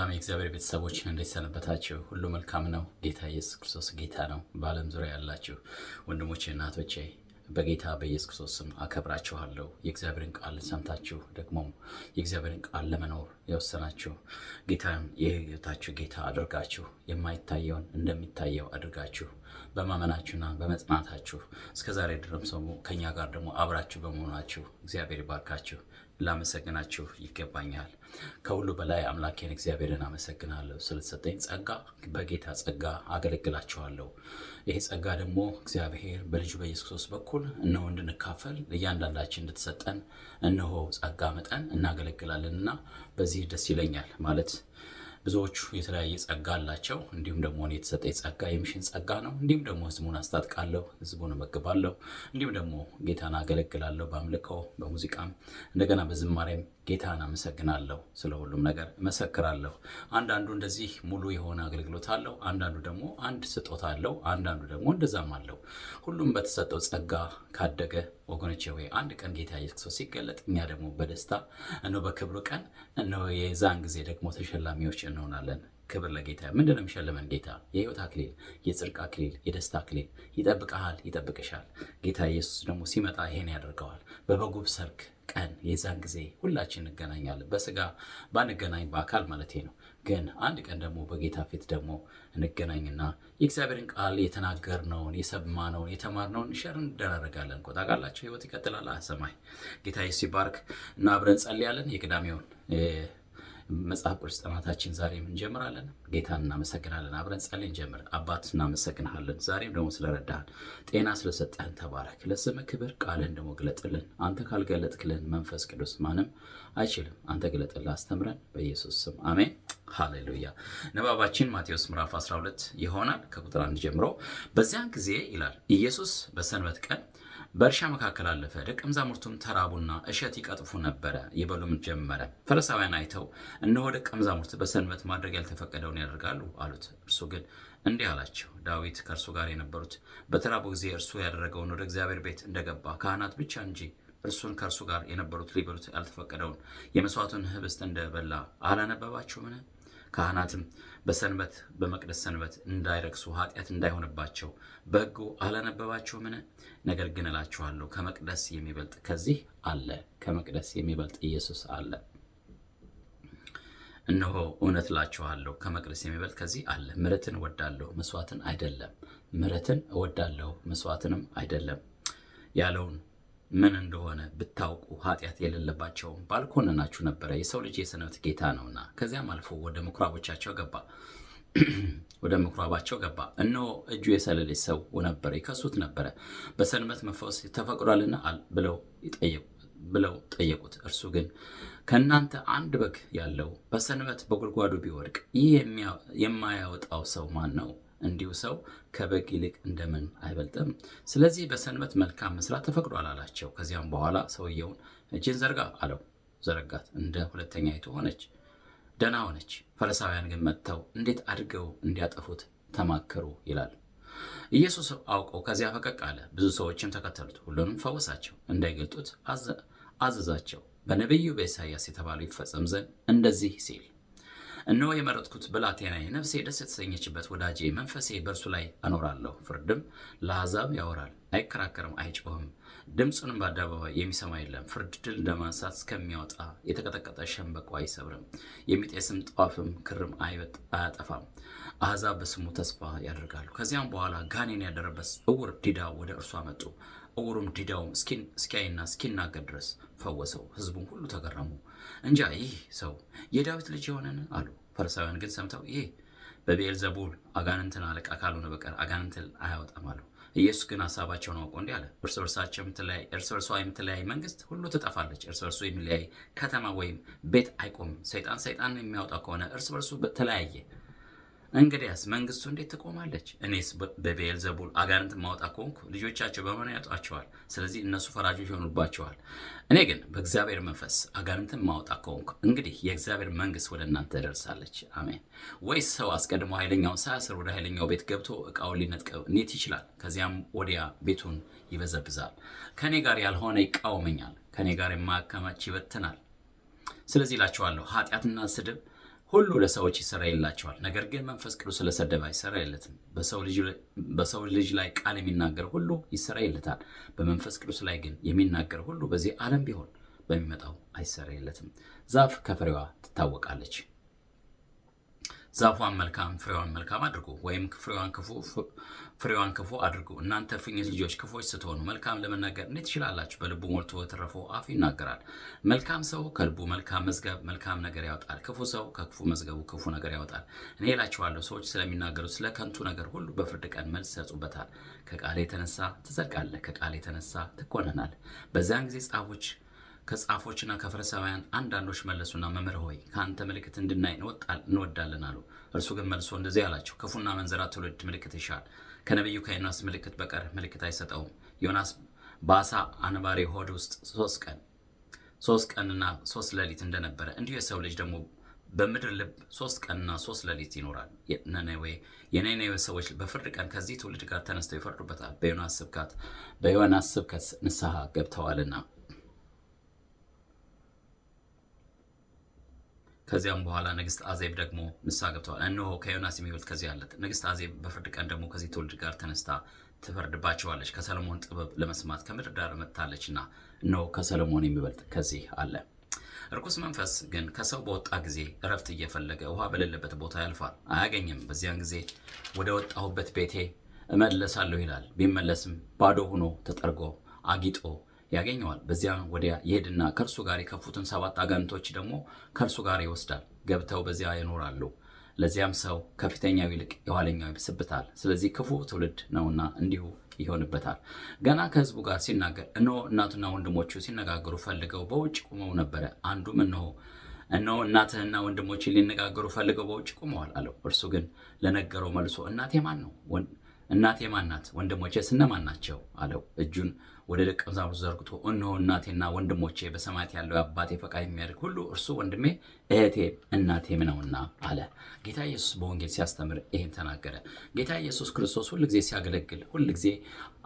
ሰላም የእግዚአብሔር ቤተሰቦች እንዴት ሰነበታችሁ? ሁሉ መልካም ነው። ጌታ ኢየሱስ ክርስቶስ ጌታ ነው። በዓለም ዙሪያ ያላችሁ ወንድሞቼ፣ እናቶቼ በጌታ በኢየሱስ ክርስቶስ ስም አከብራችኋለሁ። የእግዚአብሔርን ቃል ሰምታችሁ ደግሞ የእግዚአብሔርን ቃል ለመኖር የወሰናችሁ ጌታን የህይወታችሁ ጌታ አድርጋችሁ የማይታየውን እንደሚታየው አድርጋችሁ በማመናችሁና በመጽናታችሁ እስከዛሬ ድረም ሰሙ ከኛ ጋር ደግሞ አብራችሁ በመሆናችሁ እግዚአብሔር ይባርካችሁ። ላመሰግናችሁ ይገባኛል። ከሁሉ በላይ አምላኬን እግዚአብሔርን አመሰግናለሁ ስለተሰጠኝ ጸጋ። በጌታ ጸጋ አገለግላችኋለሁ። ይሄ ጸጋ ደግሞ እግዚአብሔር በልጁ በኢየሱስ ክርስቶስ በኩል እነሆ እንድንካፈል እያንዳንዳችን እንድትሰጠን እነሆ ጸጋ መጠን እናገለግላለንና በዚህ ደስ ይለኛል ማለት ብዙዎቹ የተለያየ ጸጋ አላቸው። እንዲሁም ደግሞ እኔ የተሰጠ ጸጋ የሚሽን ጸጋ ነው። እንዲሁም ደግሞ ህዝቡን አስታጥቃለሁ፣ ህዝቡን እመግባለሁ፣ እንዲሁም ደግሞ ጌታን አገለግላለሁ በአምልኮ በሙዚቃም እንደገና በዝማሬም ጌታን አመሰግናለሁ፣ ስለ ሁሉም ነገር እመሰክራለሁ። አንዳንዱ እንደዚህ ሙሉ የሆነ አገልግሎት አለው፣ አንዳንዱ ደግሞ አንድ ስጦታ አለው፣ አንዳንዱ ደግሞ እንደዛም አለው። ሁሉም በተሰጠው ጸጋ ካደገ ወገኖቼ ወይ አንድ ቀን ጌታ ኢየሱስ ክርስቶስ ሲገለጥ እኛ ደግሞ በደስታ እነሆ በክብሩ ቀን እነሆ የዛን ጊዜ ደግሞ ተሸላሚዎች እንሆናለን። ክብር ለጌታ። ምንድን ነው የሚሸልመን ጌታ? የህይወት አክሊል፣ የጽድቅ አክሊል፣ የደስታ አክሊል። ይጠብቀሃል፣ ይጠብቅሻል። ጌታ ኢየሱስ ደግሞ ሲመጣ ይሄን ያደርገዋል በበጉብ ሰርክ ቀን የዛን ጊዜ ሁላችን እንገናኛለን። በስጋ ባንገናኝ በአካል ማለት ነው። ግን አንድ ቀን ደግሞ በጌታ ፊት ደግሞ እንገናኝና የእግዚአብሔርን ቃል የተናገርነውን፣ የሰማነውን፣ የተማርነውን ሸር እንደራረጋለን። ቆጣ ቃላቸው ህይወት ይቀጥላል። ሰማይ ጌታ ሲባርክ እና አብረን ጸልያለን የቅዳሜውን መጽሐፍ ቅዱስ ጥናታችን ዛሬም እንጀምራለን። ጌታን እናመሰግናለን። አብረን ጸልን ጀምር። አባት እናመሰግናለን። ዛሬም ደግሞ ስለረዳህን፣ ጤና ስለሰጠህን ተባረክ። ለስምህ ክብር፣ ቃልህን ደግሞ ግለጥልን። አንተ ካልገለጥክልን መንፈስ ቅዱስ ማንም አይችልም። አንተ ግለጥልን፣ አስተምረን፣ በኢየሱስ ስም አሜን። ሃሌሉያ። ንባባችን ማቴዎስ ምዕራፍ 12 ይሆናል ከቁጥር አንድ ጀምሮ። በዚያን ጊዜ ይላል ኢየሱስ በሰንበት ቀን በእርሻ መካከል አለፈ። ደቀ መዛሙርቱም ተራቡና እሸት ይቀጥፉ ነበረ፣ ይበሉም ጀመረ። ፈሪሳውያን አይተው እነሆ ደቀ መዛሙርት በሰንበት ማድረግ ያልተፈቀደውን ያደርጋሉ አሉት። እርሱ ግን እንዲህ አላቸው፣ ዳዊት ከእርሱ ጋር የነበሩት በተራቡ ጊዜ እርሱ ያደረገውን ወደ እግዚአብሔር ቤት እንደገባ ካህናት ብቻ እንጂ እርሱን ከእርሱ ጋር የነበሩት ሊበሉት ያልተፈቀደውን የመስዋዕቱን ህብስት እንደበላ አላነበባችሁምን? ካህናትም በሰንበት በመቅደስ ሰንበት እንዳይረክሱ ኃጢአት እንዳይሆንባቸው በሕጉ ምን ነገር ግን እላችኋለሁ ከመቅደስ የሚበልጥ ከዚህ አለ። ከመቅደስ የሚበልጥ ኢየሱስ አለ። እነሆ እውነት እላችኋለሁ ከመቅደስ የሚበልጥ ከዚህ አለ። ምሕረትን እወዳለሁ መስዋዕትን አይደለም፣ ምሕረትን እወዳለሁ መስዋዕትንም አይደለም ያለውን ምን እንደሆነ ብታውቁ ኃጢአት የሌለባቸውም ባልኮነናችሁ ነበረ፣ የሰው ልጅ የሰንበት ጌታ ነውና። ከዚያም አልፎ ወደ ምኩራቦቻቸው ገባ ወደ ምኩራባቸው ገባ። እነሆ እጁ የሰለለች ሰው ነበረ፣ ይከሱት ነበረ። በሰንበት መፈወስ ተፈቅዷልና ብለው ጠየቁት። እርሱ ግን ከእናንተ አንድ በግ ያለው በሰንበት በጉድጓዱ ቢወድቅ ይህ የማያወጣው ሰው ማን ነው? እንዲሁ ሰው ከበግ ይልቅ እንደምን አይበልጥም? ስለዚህ በሰንበት መልካም መስራት ተፈቅዷል አላቸው። ከዚያም በኋላ ሰውየውን እጅን ዘርጋ አለው። ዘረጋት፣ እንደ ሁለተኛይቱ ሆነች፣ ደህና ሆነች። ፈሪሳውያን ግን መጥተው እንዴት አድርገው እንዲያጠፉት ተማከሩ ይላል። ኢየሱስ አውቀው ከዚያ ፈቀቅ አለ። ብዙ ሰዎችም ተከተሉት። ሁሉንም ፈወሳቸው፣ እንዳይገልጡት አዘዛቸው፣ በነቢዩ በኢሳያስ የተባለው ይፈጸም ዘንድ እንደዚህ ሲል እነሆ የመረጥኩት ብላቴናዬ ነፍሴ ደስ የተሰኘችበት ወዳጄ መንፈሴ በእርሱ ላይ አኖራለሁ። ፍርድም ለአሕዛብ ያወራል፣ አይከራከርም፣ አይጮህም። ድምፁንም በአደባባይ የሚሰማ የለም። ፍርድ ድል እንደማንሳት እስከሚያወጣ የተቀጠቀጠ ሸምበቆ አይሰብርም፣ የሚጤስም ጧፍም ክርም አያጠፋም። አሕዛብ በስሙ ተስፋ ያደርጋሉ። ከዚያም በኋላ ጋኔን ያደረበት እውር ዲዳ ወደ እርሱ አመጡ። እውሩም ዲዳውም እስኪያይና እስኪናገር ድረስ ፈወሰው። ሕዝቡም ሁሉ ተገረሙ። እንጃ ይህ ሰው የዳዊት ልጅ የሆነን አሉ። ፈሪሳውያን ግን ሰምተው ይሄ በብኤልዘቡል አጋንንትን አለቃ ካልሆነ በቀር አጋንንትን አያወጣም አሉ። ኢየሱስ ግን ሀሳባቸውን አውቆ እንዲህ አለ፣ እርስ በርሳቸው የምትለያይ እርስ በርሷ የምትለያይ መንግስት ሁሉ ትጠፋለች። እርስ በርሱ የሚለያይ ከተማ ወይም ቤት አይቆምም። ሰይጣን ሰይጣን የሚያወጣ ከሆነ እርስ በርሱ ተለያየ እንግዲያስ መንግስቱ እንዴት ትቆማለች? እኔስ በቤልዘቡል አጋንንት ማውጣ ከሆንኩ ልጆቻቸው በማን ያጧቸዋል? ስለዚህ እነሱ ፈራጆች ይሆኑባቸዋል። እኔ ግን በእግዚአብሔር መንፈስ አጋንንትን ማውጣ ከሆንኩ እንግዲህ የእግዚአብሔር መንግስት ወደ እናንተ ደርሳለች። አሜን። ወይስ ሰው አስቀድሞ ኃይለኛውን ሳያስር ወደ ኃይለኛው ቤት ገብቶ እቃውን ሊነጥቀው እንዴት ይችላል? ከዚያም ወዲያ ቤቱን ይበዘብዛል። ከእኔ ጋር ያልሆነ ይቃወመኛል፣ ከእኔ ጋር የማያከማች ይበትናል። ስለዚህ እላችኋለሁ ኃጢአትና ስድብ ሁሉ ለሰዎች ይሰራ የላቸዋል። ነገር ግን መንፈስ ቅዱስ ስለሰደበ አይሰራ የለትም። በሰው ልጅ ላይ ቃል የሚናገር ሁሉ ይሰራ የለታል። በመንፈስ ቅዱስ ላይ ግን የሚናገር ሁሉ በዚህ ዓለም ቢሆን በሚመጣው አይሰራ የለትም። ዛፍ ከፍሬዋ ትታወቃለች። ዛፏን መልካም ፍሬዋን መልካም አድርጉ፣ ወይም ፍሬዋን ክፉ አድርጉ። እናንተ እፉኝት ልጆች ክፎች ስትሆኑ መልካም ለመናገር እንዴት ትችላላችሁ? በልቡ ሞልቶ በተረፈው አፍ ይናገራል። መልካም ሰው ከልቡ መልካም መዝገብ መልካም ነገር ያወጣል፣ ክፉ ሰው ከክፉ መዝገቡ ክፉ ነገር ያወጣል። እኔ እላችኋለሁ ሰዎች ስለሚናገሩት ስለ ከንቱ ነገር ሁሉ በፍርድ ቀን መልስ ይሰጡበታል። ከቃል የተነሳ ትጸድቃለህ፣ ከቃል የተነሳ ትኮነናል። በዚያን ጊዜ ጻፎች ከጻፎችና ከፈሪሳውያን አንዳንዶች መለሱና መምህር ሆይ ከአንተ ምልክት እንድናይ እንወዳለን አሉ። እርሱ ግን መልሶ እንደዚህ አላቸው፣ ክፉና መንዘራ ትውልድ ምልክት ይሻል፣ ከነቢዩ ከዮናስ ምልክት በቀር ምልክት አይሰጠውም። ዮናስ በአሳ አንባሪ ሆድ ውስጥ ሶስት ቀን ሶስት ቀንና ሶስት ሌሊት እንደነበረ እንዲሁ የሰው ልጅ ደግሞ በምድር ልብ ሶስት ቀንና ሶስት ሌሊት ይኖራል። ነነዌ የነነዌ ሰዎች በፍርድ ቀን ከዚህ ትውልድ ጋር ተነስተው ይፈርዱበታል፣ በዮናስ ስብከት ንስሐ ገብተዋልና። ከዚያም በኋላ ንግስት አዜብ ደግሞ ንስሐ ገብተዋል። እነሆ ከዮናስ የሚበልጥ ከዚህ አለት። ንግስት አዜብ በፍርድ ቀን ደግሞ ከዚህ ትውልድ ጋር ተነስታ ትፈርድባቸዋለች። ከሰለሞን ጥበብ ለመስማት ከምድር ዳር መጥታለችና፣ እነሆ ከሰለሞን የሚበልጥ ከዚህ አለ። እርኩስ መንፈስ ግን ከሰው በወጣ ጊዜ እረፍት እየፈለገ ውሃ በሌለበት ቦታ ያልፋል፣ አያገኝም። በዚያን ጊዜ ወደ ወጣሁበት ቤቴ እመለሳለሁ ይላል። ቢመለስም ባዶ ሆኖ ተጠርጎ አጊጦ ያገኘዋል። በዚያ ወዲያ ይሄድና ከእርሱ ጋር የከፉትን ሰባት አጋንንቶች ደግሞ ከእርሱ ጋር ይወስዳል፣ ገብተው በዚያ ይኖራሉ። ለዚያም ሰው ከፊተኛው ይልቅ የኋለኛው ይብስበታል። ስለዚህ ክፉ ትውልድ ነውና እንዲሁ ይሆንበታል። ገና ከህዝቡ ጋር ሲናገር እነሆ እናቱና ወንድሞቹ ሲነጋገሩ ፈልገው በውጭ ቆመው ነበረ። አንዱም እነሆ እነሆ እናትህና ወንድሞች ሊነጋገሩ ፈልገው በውጭ ቁመዋል አለው። እርሱ ግን ለነገረው መልሶ እናቴ ማን ነው እናቴ ማናት? ስነ እነማን ናቸው? አለው። እጁን ወደ ደቀ መዛሙርቱ ዘርግቶ እነሆ እናቴና ወንድሞቼ በሰማያት ያለው የአባቴ ፈቃድ የሚያደርግ ሁሉ እርሱ ወንድሜ እህቴ፣ እናቴም ነውና አለ። ጌታ ኢየሱስ በወንጌል ሲያስተምር ይህን ተናገረ። ጌታ ኢየሱስ ክርስቶስ ሁልጊዜ ሲያገለግል ሁልጊዜ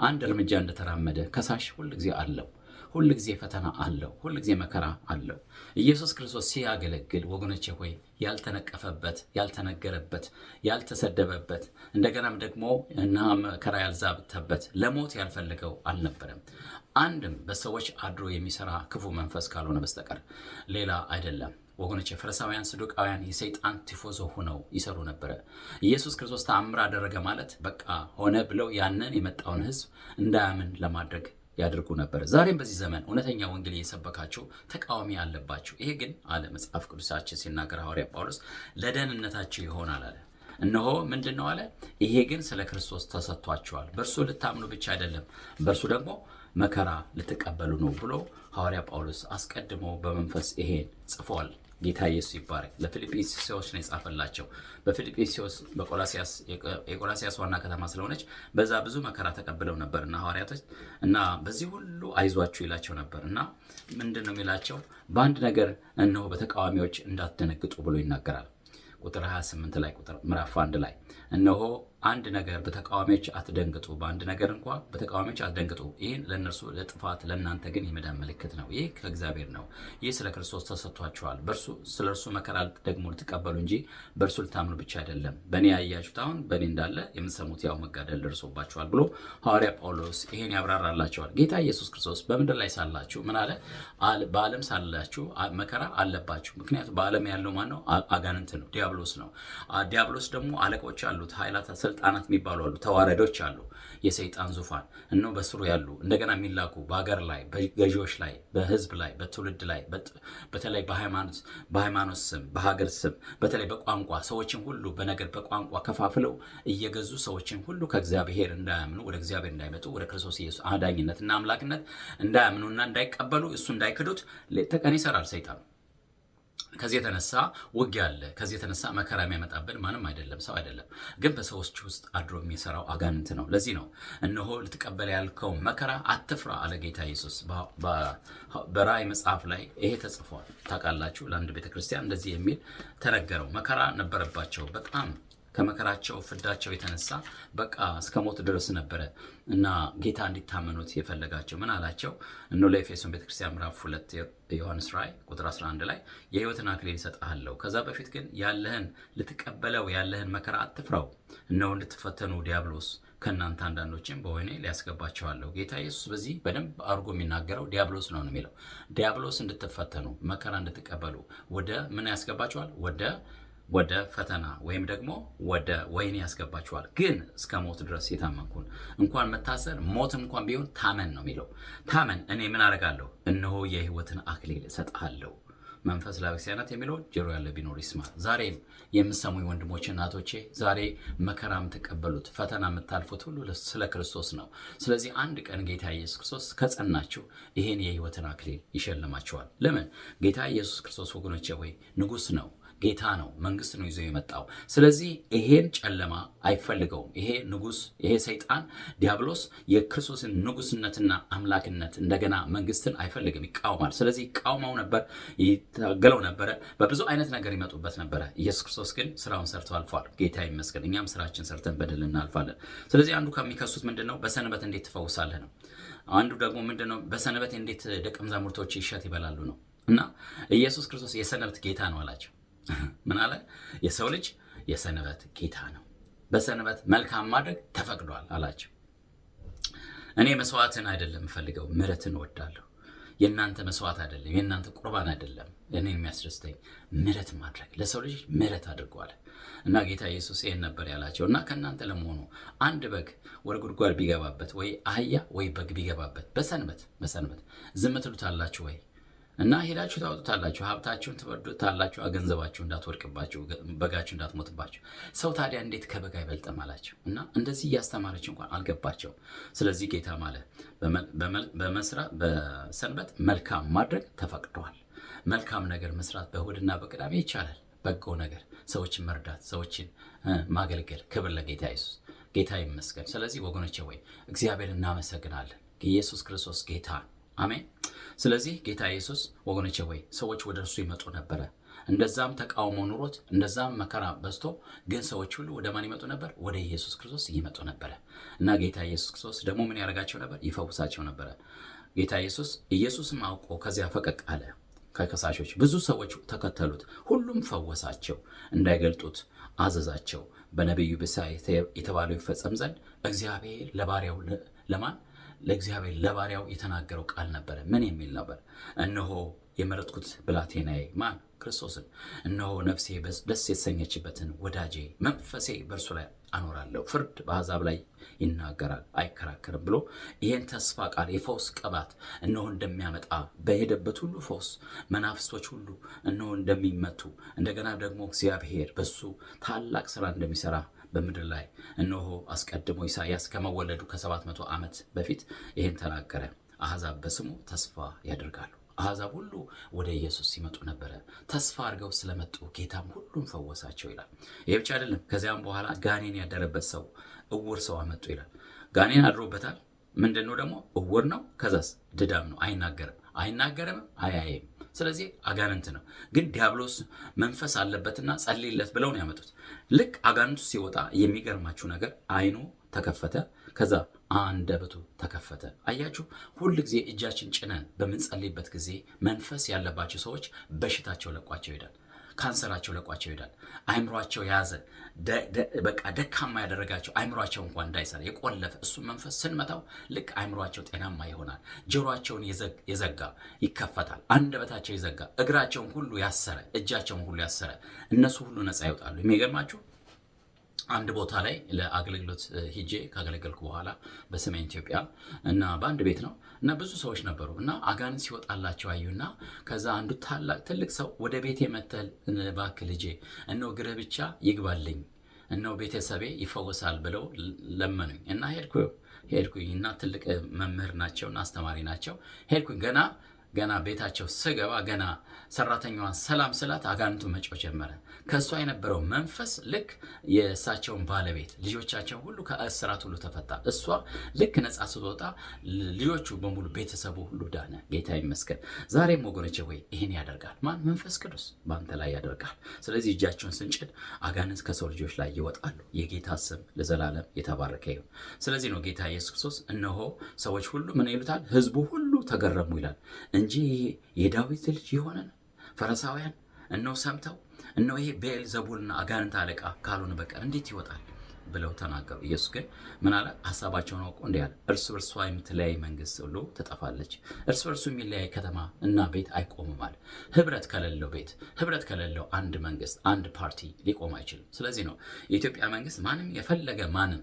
አንድ እርምጃ እንደተራመደ ከሳሽ ሁልጊዜ አለው። ሁል ጊዜ ፈተና አለው፣ ሁል ጊዜ መከራ አለው። ኢየሱስ ክርስቶስ ሲያገለግል ወገኖቼ ሆይ ያልተነቀፈበት፣ ያልተነገረበት፣ ያልተሰደበበት እንደገናም ደግሞ እና መከራ ያልዛብተበት ለሞት ያልፈለገው አልነበረም። አንድም በሰዎች አድሮ የሚሰራ ክፉ መንፈስ ካልሆነ በስተቀር ሌላ አይደለም። ወገኖች ፈሪሳውያን፣ ሰዱቃውያን የሰይጣን ቲፎዞ ሆነው ይሰሩ ነበረ። ኢየሱስ ክርስቶስ ተአምር አደረገ ማለት በቃ ሆነ ብለው ያንን የመጣውን ሕዝብ እንዳያምን ለማድረግ ያደርጉ ነበር። ዛሬም በዚህ ዘመን እውነተኛ ወንጌል እየሰበካቸው ተቃዋሚ አለባቸው። ይሄ ግን አለ መጽሐፍ ቅዱሳችን ሲናገር ሐዋርያ ጳውሎስ ለደህንነታቸው ይሆናል አለ። እነሆ ምንድን ነው አለ፣ ይሄ ግን ስለ ክርስቶስ ተሰጥቷቸዋል። በእርሱ ልታምኑ ብቻ አይደለም፣ በእርሱ ደግሞ መከራ ልትቀበሉ ነው ብሎ ሐዋርያ ጳውሎስ አስቀድሞ በመንፈስ ይሄን ጽፏል። ጌታ ኢየሱስ ይባረክ። ለፊልጵስዩስ ነው የጻፈላቸው። በፊልጵስዎስ የቆላሲያስ ዋና ከተማ ስለሆነች በዛ ብዙ መከራ ተቀብለው ነበር እና ሐዋርያቶች እና በዚህ ሁሉ አይዟችሁ ይላቸው ነበር እና ምንድን ነው የሚላቸው? በአንድ ነገር እነሆ በተቃዋሚዎች እንዳትደነግጡ ብሎ ይናገራል። ቁጥር 28 ላይ ቁጥር ምዕራፍ 1 ላይ እነሆ አንድ ነገር በተቃዋሚዎች አትደንግጡ፣ በአንድ ነገር እንኳ በተቃዋሚዎች አትደንግጡ። ይህን ለእነርሱ ለጥፋት ለእናንተ ግን የመዳን ምልክት ነው። ይህ ከእግዚአብሔር ነው። ይህ ስለ ክርስቶስ ተሰጥቷቸዋል። በእርሱ ስለ እርሱ መከራ ደግሞ ልትቀበሉ እንጂ በእርሱ ልታምኑ ብቻ አይደለም። በእኔ ያያችሁት አሁን በእኔ እንዳለ የምትሰሙት ያው መጋደል ደርሶባቸዋል ብሎ ሐዋርያ ጳውሎስ ይህን ያብራራላቸዋል። ጌታ ኢየሱስ ክርስቶስ በምድር ላይ ሳላችሁ ምን አለ? በዓለም ሳላችሁ መከራ አለባችሁ። ምክንያቱም በዓለም ያለው ማን ነው? አጋንንት ነው፣ ዲያብሎስ ነው። ዲያብሎስ ደግሞ አለቆች አሉት ኃይላት ባለስልጣናት የሚባሉ አሉ፣ ተዋረዶች አሉ፣ የሰይጣን ዙፋን እነ በስሩ ያሉ እንደገና የሚላኩ በሀገር ላይ በገዢዎች ላይ በህዝብ ላይ በትውልድ ላይ በተለይ በሃይማኖት ስም በሀገር ስም በተለይ በቋንቋ ሰዎችን ሁሉ በነገር በቋንቋ ከፋፍለው እየገዙ ሰዎችን ሁሉ ከእግዚአብሔር እንዳያምኑ ወደ እግዚአብሔር እንዳይመጡ ወደ ክርስቶስ ኢየሱስ አዳኝነትና አምላክነት እንዳያምኑና እንዳይቀበሉ እሱ እንዳይክዱት ተቀን ይሰራል ሰይጣን። ከዚህ የተነሳ ውጊያ አለ። ከዚህ የተነሳ መከራ የሚያመጣብን ማንም አይደለም፣ ሰው አይደለም። ግን በሰዎች ውስጥ አድሮ የሚሰራው አጋንንት ነው። ለዚህ ነው እነሆ ልትቀበል ያልከው መከራ አትፍራ አለ ጌታ ኢየሱስ። በራእይ መጽሐፍ ላይ ይሄ ተጽፏል። ታውቃላችሁ፣ ለአንድ ቤተክርስቲያን እንደዚህ የሚል ተነገረው። መከራ ነበረባቸው በጣም ከመከራቸው ፍዳቸው የተነሳ በቃ እስከ ሞት ድረስ ነበረ እና ጌታ እንዲታመኑት የፈለጋቸው ምን አላቸው? እኖ ለኤፌሶን ቤተክርስቲያን ምዕራፍ ሁለት ዮሐንስ ራእይ ቁጥር 11 ላይ የህይወትን አክሊል እሰጥሃለሁ፣ ከዛ በፊት ግን ያለህን ልትቀበለው ያለህን መከራ አትፍራው። እነሆ እንድትፈተኑ ዲያብሎስ ከእናንተ አንዳንዶችን በወህኒ ሊያስገባቸዋለሁ። ጌታ ኢየሱስ በዚህ በደንብ አድርጎ የሚናገረው ዲያብሎስ ነው የሚለው ዲያብሎስ እንድትፈተኑ መከራ እንድትቀበሉ ወደ ምን ያስገባቸዋል ወደ ወደ ፈተና ወይም ደግሞ ወደ ወህኒ ያስገባችኋል። ግን እስከ ሞት ድረስ የታመንኩን እንኳን መታሰር ሞት እንኳን ቢሆን ታመን ነው የሚለው። ታመን እኔ ምን አደርጋለሁ? እነሆ የህይወትን አክሊል እሰጥሃለሁ። መንፈስ ለአብያት የሚለው ጆሮ ያለ ቢኖር ይስማ። ዛሬም የምሰሙ ወንድሞች እናቶቼ፣ ዛሬ መከራ የምትቀበሉት ፈተና የምታልፉት ሁሉ ስለ ክርስቶስ ነው። ስለዚህ አንድ ቀን ጌታ ኢየሱስ ክርስቶስ ከጸናችሁ ይሄን የህይወትን አክሊል ይሸልማችኋል። ለምን ጌታ ኢየሱስ ክርስቶስ ወገኖቼ ሆይ ንጉሥ ነው ጌታ ነው፣ መንግስት ነው ይዞ የመጣው። ስለዚህ ይሄን ጨለማ አይፈልገውም። ይሄ ንጉስ፣ ይሄ ሰይጣን ዲያብሎስ የክርስቶስን ንጉስነትና አምላክነት እንደገና መንግስትን አይፈልግም፣ ይቃወማል። ስለዚህ ይቃውማው ነበር፣ ይታገለው ነበረ፣ በብዙ አይነት ነገር ይመጡበት ነበረ። ኢየሱስ ክርስቶስ ግን ስራውን ሰርቶ አልፏል። ጌታ ይመስገን። እኛም ስራችን ሰርተን በድል እናልፋለን። ስለዚህ አንዱ ከሚከሱት ምንድን ነው? በሰንበት እንዴት ትፈውሳለህ ነው። አንዱ ደግሞ ምንድን ነው? በሰንበት እንዴት ደቀ መዛሙርቶች ይሸት ይበላሉ ነው። እና ኢየሱስ ክርስቶስ የሰንበት ጌታ ነው አላቸው። ምን አለ? የሰው ልጅ የሰንበት ጌታ ነው፣ በሰንበት መልካም ማድረግ ተፈቅዷል አላቸው። እኔ መስዋዕትን አይደለም ፈልገው ምሕረትን እወዳለሁ። የእናንተ መስዋዕት አይደለም፣ የእናንተ ቁርባን አይደለም። እኔ የሚያስደስተኝ ምሕረት ማድረግ፣ ለሰው ልጅ ምሕረት አድርጓል እና ጌታ ኢየሱስ ይህን ነበር ያላቸው። እና ከእናንተ ለመሆኑ አንድ በግ ወደ ጉድጓድ ቢገባበት ወይ አህያ ወይ በግ ቢገባበት በሰንበት በሰንበት ዝም ትሉታላችሁ ወይ? እና ሄዳችሁ ታወጡታላችሁ፣ ሀብታችሁን ትበዱታላችሁ፣ ገንዘባችሁ እንዳትወድቅባችሁ፣ በጋችሁ እንዳትሞትባችሁ። ሰው ታዲያ እንዴት ከበግ አይበልጥም አላቸው። እና እንደዚህ እያስተማረች እንኳን አልገባቸው። ስለዚህ ጌታ ማለ በመስራ በሰንበት መልካም ማድረግ ተፈቅደዋል። መልካም ነገር መስራት በእሁድና በቅዳሜ ይቻላል። በጎ ነገር፣ ሰዎችን መርዳት፣ ሰዎችን ማገልገል፣ ክብር ለጌታ ኢየሱስ። ጌታ ይመስገን። ስለዚህ ወገኖቼ ወይ እግዚአብሔር እናመሰግናለን። ኢየሱስ ክርስቶስ ጌታ አሜን። ስለዚህ ጌታ ኢየሱስ ወገኖቼ ወይ ሰዎች ወደ እርሱ ይመጡ ነበረ። እንደዛም ተቃውሞ ኑሮት እንደዛም መከራ በዝቶ ግን ሰዎች ሁሉ ወደ ማን ይመጡ ነበር? ወደ ኢየሱስ ክርስቶስ ይመጡ ነበረ እና ጌታ ኢየሱስ ክርስቶስ ደግሞ ምን ያደርጋቸው ነበር? ይፈውሳቸው ነበረ። ጌታ ኢየሱስ ኢየሱስም አውቆ ከዚያ ፈቀቅ አለ። ከከሳሾች ብዙ ሰዎች ተከተሉት። ሁሉም ፈወሳቸው፣ እንዳይገልጡት አዘዛቸው። በነቢዩ ኢሳይያስ የተባለው ይፈጸም ዘንድ እግዚአብሔር ለባሪያው ለማን ለእግዚአብሔር ለባሪያው የተናገረው ቃል ነበረ። ምን የሚል ነበር? እነሆ የመረጥኩት ብላቴናዬ ማን? ክርስቶስን። እነሆ ነፍሴ ደስ የተሰኘችበትን ወዳጄ፣ መንፈሴ በእርሱ ላይ አኖራለሁ። ፍርድ በአሕዛብ ላይ ይናገራል አይከራከርም ብሎ ይህን ተስፋ ቃል የፈውስ ቅባት እነሆ እንደሚያመጣ በሄደበት ሁሉ ፈውስ፣ መናፍስቶች ሁሉ እነሆ እንደሚመቱ እንደገና ደግሞ እግዚአብሔር በሱ ታላቅ ስራ እንደሚሰራ በምድር ላይ እነሆ አስቀድሞ ኢሳያስ ከመወለዱ ከ700 ዓመት በፊት ይህን ተናገረ። አሕዛብ በስሙ ተስፋ ያደርጋሉ። አሕዛብ ሁሉ ወደ ኢየሱስ ሲመጡ ነበረ። ተስፋ አድርገው ስለመጡ ጌታም ሁሉም ፈወሳቸው ይላል። ይህ ብቻ አይደለም። ከዚያም በኋላ ጋኔን ያደረበት ሰው እውር ሰው አመጡ ይላል። ጋኔን አድሮበታል። ምንድን ነው ደግሞ እውር ነው። ከዛስ ድዳም ነው። አይናገርም፣ አይናገርም፣ አያይም ስለዚህ አጋንንት ነው። ግን ዲያብሎስ መንፈስ አለበትና ጸልይለት ብለው ነው ያመጡት። ልክ አጋንንቱ ሲወጣ የሚገርማችሁ ነገር አይኑ ተከፈተ፣ ከዛ አንደበቱ ተከፈተ። አያችሁ፣ ሁል ጊዜ እጃችን ጭነን በምንጸልይበት ጊዜ መንፈስ ያለባቸው ሰዎች በሽታቸው ለቋቸው ይሄዳል። ካንሰራቸው ለቋቸው ይሄዳል። አይምሯቸው የያዘ በቃ ደካማ ያደረጋቸው አይምሯቸው እንኳን እንዳይሰራ የቆለፈ እሱን መንፈስ ስንመታው ልክ አይምሯቸው ጤናማ ይሆናል። ጆሯቸውን የዘጋ ይከፈታል። አንደበታቸው የዘጋ እግራቸውን ሁሉ ያሰረ እጃቸውን ሁሉ ያሰረ እነሱ ሁሉ ነፃ ይወጣሉ። የሚገርማችሁ አንድ ቦታ ላይ ለአገልግሎት ሂጄ ካገለገልኩ በኋላ በሰሜን ኢትዮጵያ እና በአንድ ቤት ነው እና ብዙ ሰዎች ነበሩ እና አጋንንት ሲወጣላቸው አዩና ከዛ አንዱ ታላቅ ትልቅ ሰው ወደ ቤቴ መተል እባክህ ልጄ እነሆ እግርህ ብቻ ይግባልኝ እነ ቤተሰቤ ይፈወሳል ብለው ለመኑኝ እና ሄድኩ ሄድኩኝ እና ትልቅ መምህር ናቸው እና አስተማሪ ናቸው ሄድኩኝ ገና ገና ቤታቸው ስገባ ገና ሰራተኛዋን ሰላም ስላት አጋንንቱ መጮ ጀመረ። ከእሷ የነበረው መንፈስ ልክ የእሳቸውን ባለቤት ልጆቻቸው ሁሉ ከእስራት ሁሉ ተፈታ። እሷ ልክ ነፃ ስትወጣ ልጆቹ በሙሉ ቤተሰቡ ሁሉ ዳነ። ጌታ ይመስገን። ዛሬም ወገኖቼ ወይ ይህን ያደርጋል ማን? መንፈስ ቅዱስ በአንተ ላይ ያደርጋል። ስለዚህ እጃቸውን ስንጭድ አጋንንት ከሰው ልጆች ላይ ይወጣሉ። የጌታ ስም ለዘላለም የተባረከ ይሁን። ስለዚህ ነው ጌታ ኢየሱስ ክርስቶስ እነሆ ሰዎች ሁሉ ምን ይሉታል? ህዝቡ ሁሉ ተገረሙ ይላል እንጂ የዳዊት ልጅ የሆነ ፈረሳውያን እነው ሰምተው እነው ይሄ ቤኤል ዘቡልና አጋንንት አለቃ ካልሆነ በቀር እንዴት ይወጣል ብለው ተናገሩ። ኢየሱስ ግን ምን አለ? ሀሳባቸውን አውቆ እንዲህ አለ፣ እርስ በርሷ የምትለያይ መንግስት ሁሉ ትጠፋለች። እርስ በርሱ የሚለያይ ከተማ እና ቤት አይቆምም አለ። ህብረት ከሌለው ቤት፣ ህብረት ከሌለው አንድ መንግስት፣ አንድ ፓርቲ ሊቆም አይችልም። ስለዚህ ነው የኢትዮጵያ መንግስት ማንም የፈለገ ማንም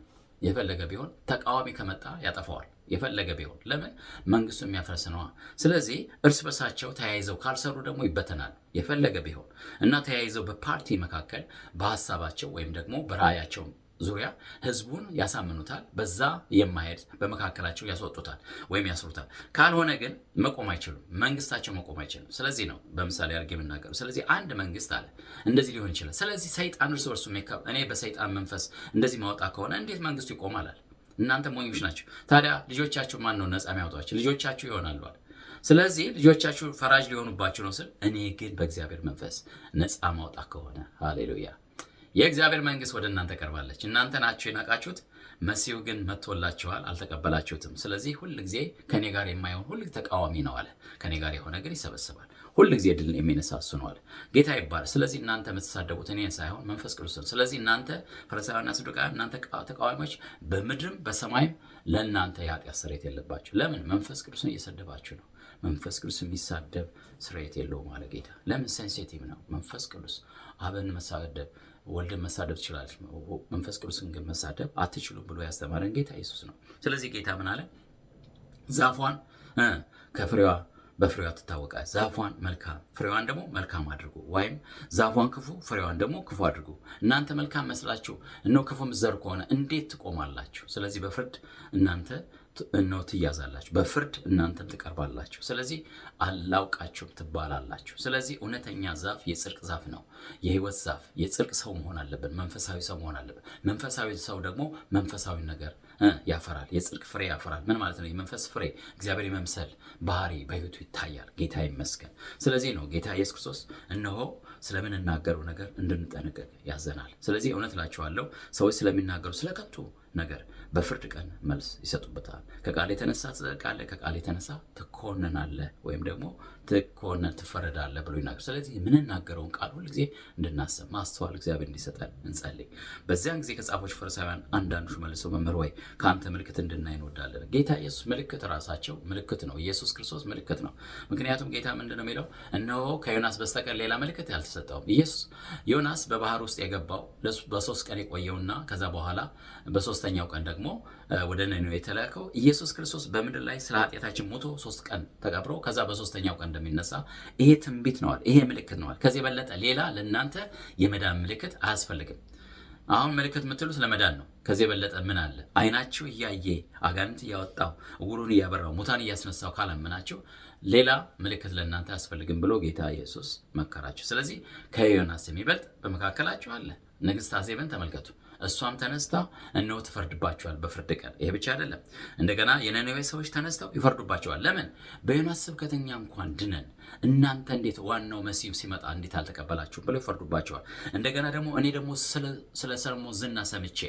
የፈለገ ቢሆን ተቃዋሚ ከመጣ ያጠፋዋል። የፈለገ ቢሆን ለምን መንግስቱ የሚያፈርስ ነዋ። ስለዚህ እርስ በርሳቸው ተያይዘው ካልሰሩ ደግሞ ይበተናል። የፈለገ ቢሆን እና ተያይዘው በፓርቲ መካከል በሀሳባቸው ወይም ደግሞ በራዕያቸው ዙሪያ ህዝቡን ያሳምኑታል። በዛ የማሄድ በመካከላቸው ያስወጡታል ወይም ያስሩታል። ካልሆነ ግን መቆም አይችሉም፣ መንግስታቸው መቆም አይችልም። ስለዚህ ነው በምሳሌ አድርጌ የምናገሩ። ስለዚህ አንድ መንግስት አለ እንደዚህ ሊሆን ይችላል። ስለዚህ ሰይጣን እርስ በርሱ እኔ በሰይጣን መንፈስ እንደዚህ ማወጣ ከሆነ እንዴት መንግስቱ ይቆማል? እናንተ ሞኞች ናቸው። ታዲያ ልጆቻችሁ ማን ነው ነፃ የሚያወጧቸው? ልጆቻችሁ ይሆናሉ። ስለዚህ ልጆቻችሁ ፈራጅ ሊሆኑባቸው ነው ስል እኔ ግን በእግዚአብሔር መንፈስ ነፃ ማውጣት ከሆነ ሃሌሉያ የእግዚአብሔር መንግስት ወደ እናንተ ቀርባለች። እናንተ ናችሁ የናቃችሁት መሲሁ ግን መጥቶላቸዋል፣ አልተቀበላችሁትም። ስለዚህ ሁል ጊዜ ከኔ ጋር የማይሆን ሁል ተቃዋሚ ነው አለ። ከኔ ጋር የሆነ ግን ይሰበስባል፣ ጊዜ ድል የሚነሳሱ ነው አለ ጌታ ይባል። ስለዚህ እናንተ የምትሳደቡት እኔ ሳይሆን መንፈስ ቅዱስ ነው። ስለዚህ እናንተ ፈሪሳውያንና ሰዱቃውያን፣ እናንተ ተቃዋሚዎች በምድርም በሰማይም ለእናንተ የኃጢአት ስርየት የለባችሁ። ለምን? መንፈስ ቅዱስን እየሰደባችሁ ነው። መንፈስ ቅዱስ የሚሳደብ ስርየት የለውም አለ ጌታ። ለምን? ሴንሲቲቭ ነው መንፈስ ቅዱስ አብን መሳደብ ወልድን መሳደብ ትችላለች፣ መንፈስ ቅዱስን ግን መሳደብ አትችሉም ብሎ ያስተማረን ጌታ ኢየሱስ ነው። ስለዚህ ጌታ ምን አለ? ዛፏን ከፍሬዋ በፍሬዋ ትታወቃል። ዛፏን መልካም ፍሬዋን ደግሞ መልካም አድርጉ፣ ወይም ዛፏን ክፉ ፍሬዋን ደግሞ ክፉ አድርጉ። እናንተ መልካም መስላችሁ እነሆ ክፉ ምትዘሩ ከሆነ እንዴት ትቆማላችሁ? ስለዚህ በፍርድ እናንተ ነው ትያዛላችሁ፣ በፍርድ እናንተም ትቀርባላችሁ። ስለዚህ አላውቃችሁም ትባላላችሁ። ስለዚህ እውነተኛ ዛፍ የጽድቅ ዛፍ ነው፣ የህይወት ዛፍ። የጽድቅ ሰው መሆን አለብን፣ መንፈሳዊ ሰው መሆን አለብን። መንፈሳዊ ሰው ደግሞ መንፈሳዊ ነገር ያፈራል፣ የጽድቅ ፍሬ ያፈራል። ምን ማለት ነው? የመንፈስ ፍሬ እግዚአብሔር የመምሰል ባህሪ በህይወቱ ይታያል። ጌታ ይመስገን። ስለዚህ ነው ጌታ ኢየሱስ ክርስቶስ እነሆ ስለምንናገረው ነገር እንድንጠነቀቅ ያዘናል። ስለዚህ እውነት እላችኋለሁ ሰዎች ስለሚናገሩ ስለከቱ ነገር በፍርድ ቀን መልስ ይሰጡበታል። ከቃል የተነሳ ትጸድቃለህ፣ ከቃል የተነሳ ትኮነናለህ ወይም ደግሞ ትኮነ ትፈረዳለህ ብሎ ይናገር። ስለዚህ የምንናገረውን ቃል ሁልጊዜ ጊዜ እንድናስብ ማስተዋል እግዚአብሔር እንዲሰጠን እንጸልይ። በዚያን ጊዜ ከጻፎች ፈሪሳውያን አንዳንዱ መልሰው መምህር ወይ ከአንተ ምልክት እንድናይ እንወዳለን። ጌታ ኢየሱስ ምልክት ራሳቸው ምልክት ነው። ኢየሱስ ክርስቶስ ምልክት ነው። ምክንያቱም ጌታ ምንድን ነው የሚለው? እነሆ ከዮናስ በስተቀር ሌላ ምልክት ያልተሰጠውም። ኢየሱስ ዮናስ በባህር ውስጥ የገባው በሶስት ቀን የቆየውና ከዛ በኋላ በሶስተኛው ቀን ደግሞ ደግሞ ወደ ነነዌ የተላከው ኢየሱስ ክርስቶስ በምድር ላይ ስለ ኃጢአታችን ሞቶ ሶስት ቀን ተቀብሮ ከዛ በሶስተኛው ቀን እንደሚነሳ ይሄ ትንቢት ነዋል። ይሄ ምልክት ነዋል። ከዚህ የበለጠ ሌላ ለእናንተ የመዳን ምልክት አያስፈልግም። አሁን ምልክት የምትሉ ስለ መዳን ነው። ከዚህ የበለጠ ምን አለ? አይናችሁ እያየ አጋንንት እያወጣው እውሩን እያበራው ሙታን እያስነሳው ካላመናችሁ ሌላ ምልክት ለእናንተ አያስፈልግም ብሎ ጌታ ኢየሱስ መከራችሁ። ስለዚህ ከዮናስ የሚበልጥ በመካከላችሁ አለ። ንግሥት አዜብን ተመልከቱ። እሷም ተነስታ እነሆ ትፈርድባቸዋል በፍርድ ቀን። ይሄ ብቻ አይደለም፣ እንደገና የነነዌ ሰዎች ተነስተው ይፈርዱባቸዋል። ለምን በዮናስ ስብከተኛ እንኳን ድነን እናንተ እንዴት ዋናው መሲም ሲመጣ እንዴት አልተቀበላችሁም ብለው ይፈርዱባቸዋል። እንደገና ደግሞ እኔ ደግሞ ስለ ሰለሞን ዝና ሰምቼ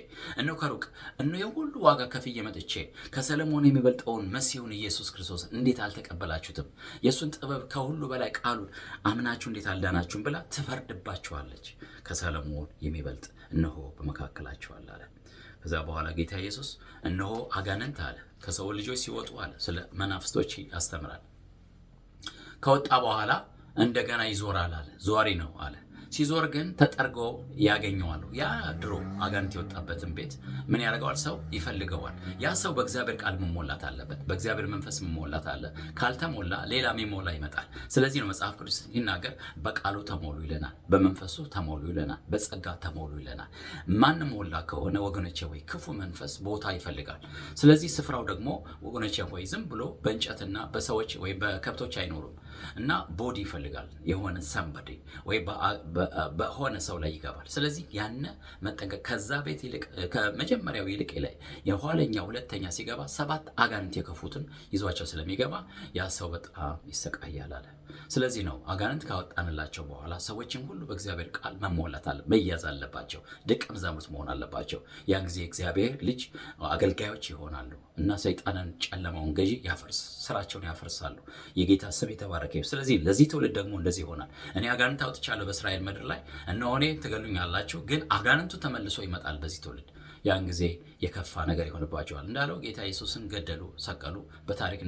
እነሆ ከሩቅ እነሆ የሁሉ ዋጋ ከፍዬ መጥቼ ከሰለሞን የሚበልጠውን መሲሁን ኢየሱስ ክርስቶስ እንዴት አልተቀበላችሁትም? የእሱን ጥበብ ከሁሉ በላይ ቃሉን አምናችሁ እንዴት አልዳናችሁም? ብላ ትፈርድባቸዋለች። ከሰለሞን የሚበልጥ እነሆ በመካከል ይከለክላቸዋል አለ። ከዛ በኋላ ጌታ ኢየሱስ እነሆ አጋንንት አለ ከሰው ልጆች ሲወጡ አለ ስለ መናፍስቶች ያስተምራል። ከወጣ በኋላ እንደገና ይዞራል አለ። ዟሪ ነው አለ ሲዞር ግን ተጠርጎ ያገኘዋል። ያ ድሮ አጋንንት የወጣበትን ቤት ምን ያደርገዋል? ሰው ይፈልገዋል። ያ ሰው በእግዚአብሔር ቃል መሞላት አለበት፣ በእግዚአብሔር መንፈስ መሞላት አለ። ካልተሞላ ሌላ ሚሞላ ይመጣል። ስለዚህ ነው መጽሐፍ ቅዱስ ይናገር፣ በቃሉ ተሞሉ ይለናል፣ በመንፈሱ ተሞሉ ይለናል፣ በጸጋ ተሞሉ ይለናል። ሞላ ከሆነ ወገኖቼ ወይ ክፉ መንፈስ ቦታ ይፈልጋል። ስለዚህ ስፍራው ደግሞ ወገኖቼ ወይ ዝም ብሎ በእንጨትና በሰዎች ወይም በከብቶች አይኖሩም። እና ቦዲ ይፈልጋል የሆነ ሰንበዴ ወይ በሆነ ሰው ላይ ይገባል። ስለዚህ ያነ መጠንቀቅ ከዛ ቤት ይልቅ ከመጀመሪያው ይልቅ ላይ የኋለኛ ሁለተኛ ሲገባ ሰባት አጋንንት የከፉትን ይዟቸው ስለሚገባ ያ ሰው በጣም ይሰቃያል አለ። ስለዚህ ነው አጋንንት ካወጣንላቸው በኋላ ሰዎችን ሁሉ በእግዚአብሔር ቃል መሞላት አለ መያዝ አለባቸው፣ ደቀ መዛሙርት መሆን አለባቸው። ያን ጊዜ እግዚአብሔር ልጅ አገልጋዮች ይሆናሉ እና ሰይጣንን፣ ጨለማውን ገዢ ያፈርስ ስራቸውን ያፈርሳሉ። የጌታ ስም የተባረከ። ስለዚህ ለዚህ ትውልድ ደግሞ እንደዚህ ይሆናል። እኔ አጋንንት አውጥቻለሁ በእስራኤል ምድር ላይ እነሆ እኔ ትገሉኛላችሁ፣ ግን አጋንንቱ ተመልሶ ይመጣል በዚህ ትውልድ ያን ጊዜ የከፋ ነገር ይሆንባቸዋል እንዳለው ጌታ ኢየሱስን ገደሉ፣ ሰቀሉ። በታሪክ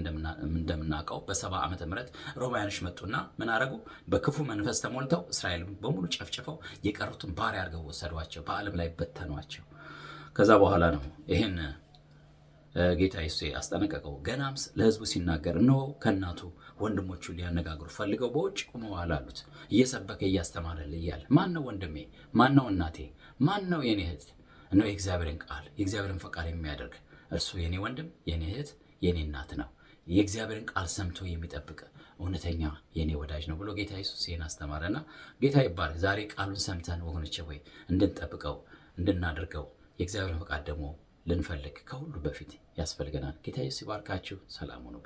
እንደምናውቀው በሰባ ዓመተ ምህረት ሮማያኖች መጡና ምን አረጉ? በክፉ መንፈስ ተሞልተው እስራኤል በሙሉ ጨፍጭፈው የቀሩትን ባሪያ አድርገው ወሰዷቸው፣ በዓለም ላይ በተኗቸው። ከዛ በኋላ ነው ይህን ጌታ ኢየሱስ አስጠነቀቀው። ገናም ለህዝቡ ሲናገር እነሆ ከእናቱ ወንድሞቹ ሊያነጋግሩ ፈልገው በውጭ ቆመዋል አሉት። እየሰበከ እያስተማረል እያለ ማን ነው ወንድሜ? ማን ነው እናቴ? ማን ነው የኔ እህት? እነሆ የእግዚአብሔርን ቃል የእግዚአብሔርን ፈቃድ የሚያደርግ እርሱ የኔ ወንድም፣ የኔ እህት፣ የኔ እናት ነው። የእግዚአብሔርን ቃል ሰምቶ የሚጠብቅ እውነተኛ የኔ ወዳጅ ነው ብሎ ጌታ ኢየሱስ ይህን አስተማረና ጌታ ይባል ዛሬ ቃሉን ሰምተን ወገኖቼ ወይ እንድንጠብቀው እንድናደርገው የእግዚአብሔር ፈቃድ ደግሞ ልንፈልግ ከሁሉ በፊት ያስፈልገናል። ጌታ ኢየሱስ ይባርካችሁ። ሰላም ሁኑ።